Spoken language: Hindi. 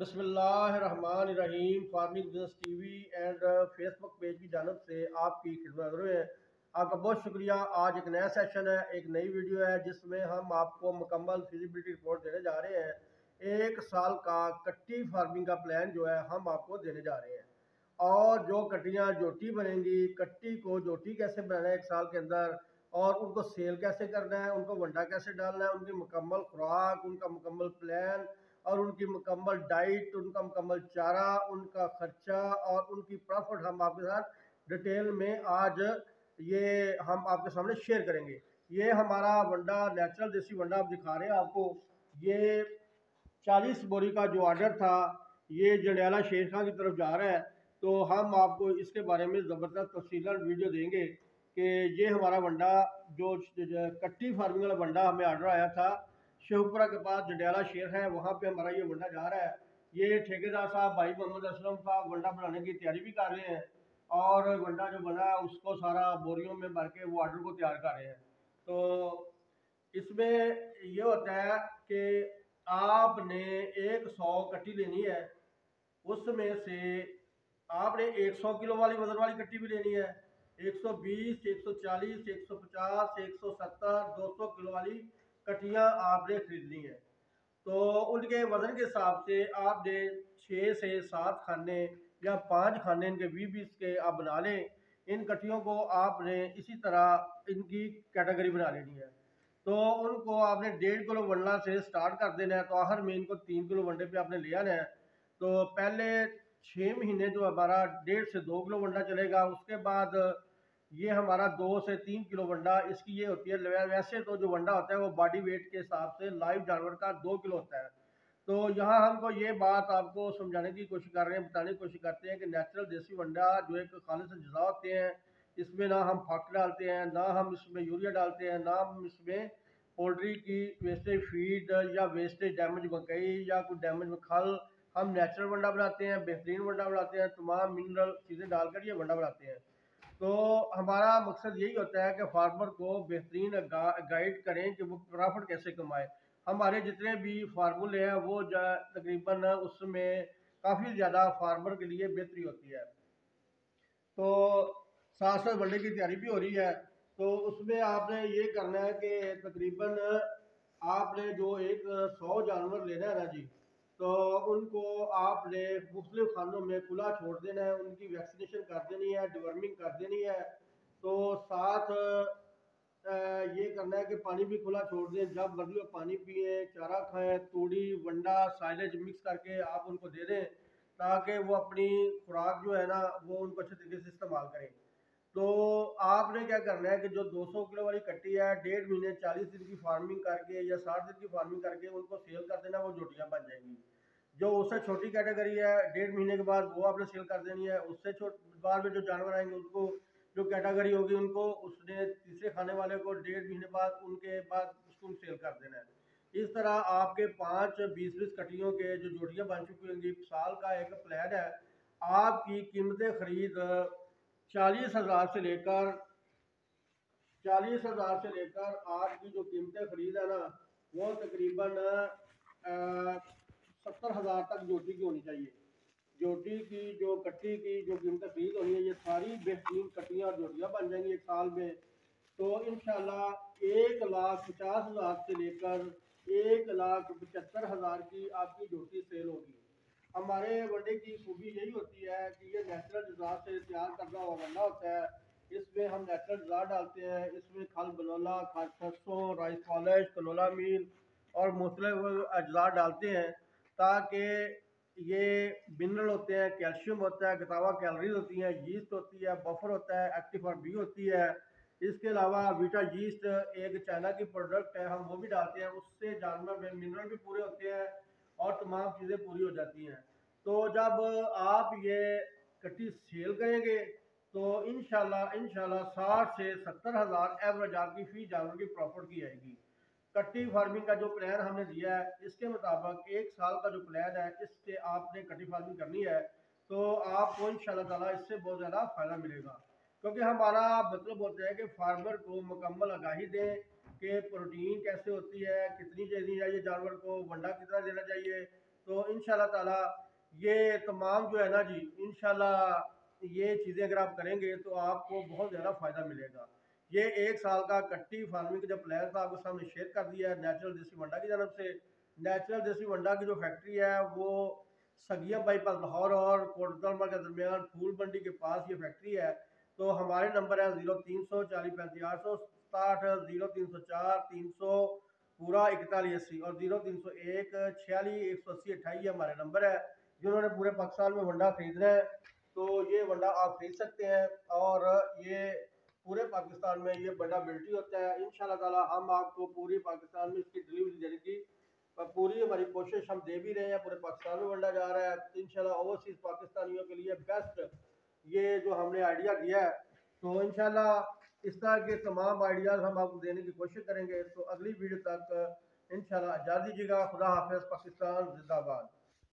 बसमीम farming business TV and Facebook page की जानब से आपकी खिदमत है आपका बहुत शुक्रिया आज एक नया सेशन है एक नई वीडियो है जिसमें हम आपको मुकम्मल फिजिबिलिटी रिपोर्ट देने जा रहे हैं एक साल का कट्टी फार्मिंग का प्लान जो है हम आपको देने जा रहे हैं और जो कट्टियाँ जोटी बनेंगी कट्टी को जोटी कैसे बनाना है एक साल के अंदर और उनको सेल कैसे करना है उनको वंडा कैसे डालना है उनकी मुकम्मल खुराक उनका मुकम्मल प्लान और उनकी मुकम्मल डाइट उनका मुकम्मल चारा उनका खर्चा और उनकी प्रॉफिट हम आपके साथ डिटेल में आज ये हम आपके सामने शेयर करेंगे ये हमारा वंडा नेचुरल देसी वंडा आप दिखा रहे हैं आपको ये चालीस बोरी का जो ऑर्डर था ये जंडियाला शेर खां की तरफ जा रहा है तो हम आपको इसके बारे में ज़बरदस्त तफसील वीडियो देंगे कि ये हमारा वंडा जो कट्टी फार्मिंग वाला वंडा हमें ऑर्डर आया था शिवपुरा के पास जडियाला शेर है वहाँ पे हमारा ये वंडा जा रहा है ये ठेकेदार साहब भाई मोहम्मद असलम साहब वंडा बनाने की तैयारी भी कर रहे हैं और वंडा जो बना है उसको सारा बोरियों में भर के वो आर्डर को तैयार कर रहे हैं तो इसमें ये होता है कि आपने एक सौ कट्टी लेनी है उसमें से आपने एक सौ किलो वाली वजन वाली कट्टी भी लेनी है एक सौ बीस एक सौ चालीस एक सौ पचास एक सौ सत्तर दो सौ किलो वाली कटियाँ आपने खरीदनी है तो उनके वज़न के हिसाब से आपने छः से सात खाने या पाँच खाने इनके बीस बीस के आप बना लें इन कटियों को आपने इसी तरह इनकी कैटेगरी बना लेनी है तो उनको आपने डेढ़ किलो वंडला से स्टार्ट कर देना है तो आखिर में इनको तीन किलो वंडे पे आपने ले आना है तो पहले छः महीने जो हमारा डेढ़ से दो किलो वंडा चलेगा उसके बाद ये हमारा दो से तीन किलो वंडा इसकी ये होती है वैसे तो जो वंडा होता है वो बॉडी वेट के हिसाब से लाइव जानवर का दो किलो होता है तो यहाँ हमको ये बात आपको समझाने की कोशिश कर रहे हैं बताने की कोशिश करते हैं कि नेचुरल देसी वंडा जो एक से अज्जा होते हैं इसमें ना हम फाक डालते हैं ना हम इसमें यूरिया डालते हैं ना हम इसमें पोल्ट्री की वेस्टेज फीड या वेस्टेज डैमेज मकई या कुछ डैमेज खल हम नेचुरल वंडा बनाते हैं बेहतरीन वंडा बनाते हैं तमाम मिनरल चीज़ें डालकर ये वंडा बनाते हैं तो हमारा मकसद यही होता है कि फार्मर को बेहतरीन गाइड करें कि वो प्रॉफिट कैसे कमाए हमारे जितने भी फार्मूले हैं वो तकरीबन उसमें काफ़ी ज़्यादा फार्मर के लिए बेहतरी होती है तो सात सौ बढ़ने की तैयारी भी हो रही है तो उसमें आपने ये करना है कि तकरीबन आपने जो एक सौ जानवर लेना है ना जी तो उनको आपने मुख्तु खानों में खुला छोड़ देना है उनकी वैक्सीनेशन कर देनी है डिवर्मिंग कर देनी है तो साथ ये करना है कि पानी भी खुला छोड़ दें जब मर्जी पानी पिए चारा खाएं तूड़ी वंडा साइलेज मिक्स करके आप उनको दे दें ताकि वो अपनी खुराक जो है ना वो उनको अच्छे तरीके से इस्तेमाल करें तो आपने क्या करना है कि जो 200 किलो वाली कट्टी है डेढ़ महीने 40 दिन की फार्मिंग करके या 60 दिन की फार्मिंग करके उनको सेल कर देना वो जोटियाँ बन जाएंगी जो उससे छोटी कैटेगरी है डेढ़ महीने के बाद वो आपने सेल कर देनी है उससे बाद में जो जानवर आएंगे उनको जो कैटेगरी होगी उनको उसने तीसरे खाने वाले को डेढ़ महीने बाद उनके बाद उसको सेल कर देना है इस तरह आपके पाँच बीस बीस कटियों के जो जोटियाँ बन चुकी होंगी साल का एक प्लान है आपकी कीमतें खरीद चालीस हज़ार से लेकर चालीस हज़ार से लेकर आज की जो कीमतें खरीद है ना वो तकरीबन सत्तर हज़ार तक ज्योति की होनी चाहिए ज्योति की जो कट्टी की जो कीमतें खरीद होनी है ये सारी बेहतरीन कट्टियाँ और ज्योतियाँ बन जाएंगी एक साल में तो इन एक लाख पचास हज़ार से लेकर एक लाख पचहत्तर हज़ार की आपकी ज्योति सेल होगी हमारे बडे की खूबी यही होती है कि ये नेचुरल डिज़ार से तैयार करना हुआ गन्ना होता है इसमें हम नेचुरल डिज़ार डालते हैं इसमें खल बनोला खल सरसों राइस पॉलिश कलोला मील और मुख्तलिफ अजार डालते हैं ताकि ये मिनरल होते हैं कैल्शियम होता है गतावा कैलरीज होती हैं यीस्ट होती है बफर होता है और बी होती है इसके अलावा वीटा यीस्ट एक चाइना की प्रोडक्ट है हम वो भी डालते हैं उससे जानवर में मिनरल भी पूरे होते हैं और तमाम चीज़ें पूरी हो जाती हैं तो जब आप ये कट्टी सेल करेंगे तो इन शाला साठ से सत्तर हज़ार एवरेज आपकी फी जानवर की प्रॉफिट की आएगी कट्टी फार्मिंग का जो प्लान हमने दिया है इसके मुताबिक एक साल का जो प्लान है इस आपने कट्टी फार्मिंग करनी है तो आपको इन ताला इससे बहुत ज़्यादा फ़ायदा मिलेगा क्योंकि हमारा मतलब होता है कि फार्मर को मुकम्मल आगाही दें कि प्रोटीन कैसे होती है कितनी देनी चाहिए जानवर को वंडा कितना देना चाहिए तो इन ताला ये तमाम जो है ना जी इन ये चीज़ें अगर आप करेंगे तो आपको बहुत ज़्यादा फ़ायदा मिलेगा ये एक साल का कट्टी फार्मिंग का जो प्लान था आपके सामने शेयर कर दिया है नेचुरल देसी वंडा की जानब से नेचुरल देसी वंडा की जो फैक्ट्री है वो सगिया बाईपास लाहौर और कोटदरमा के दरमियान फूल मंडी के पास ये फैक्ट्री है तो हमारे नंबर है ज़ीरो तीन सौ चालीस पैंतीस आठ सौ सताहठ जीरो तीन सौ चार तीन सौ पूरा इकतालीस अस्सी और जीरो तीन सौ एक छियालीस एक सौ अस्सी अट्ठाईस हमारे नंबर है जिन्होंने पूरे पाकिस्तान में वंडा खरीदना है तो ये वंडा आप खरीद सकते हैं और ये पूरे पाकिस्तान में ये बड़ा बिल्टी होता है इन ताला हम आपको पूरी पाकिस्तान में इसकी डिलीवरी देने की पूरी हमारी कोशिश हम दे भी रहे हैं पूरे पाकिस्तान में वंडा जा रहा है तो इन ओवरसीज़ पाकिस्तानियों के लिए बेस्ट ये जो हमने आइडिया दिया है तो इन इस तरह के तमाम आइडियाज़ हम आपको देने की कोशिश करेंगे तो अगली वीडियो तक इन शाला दीजिएगा खुदा हाफिज पाकिस्तान जिंदाबाद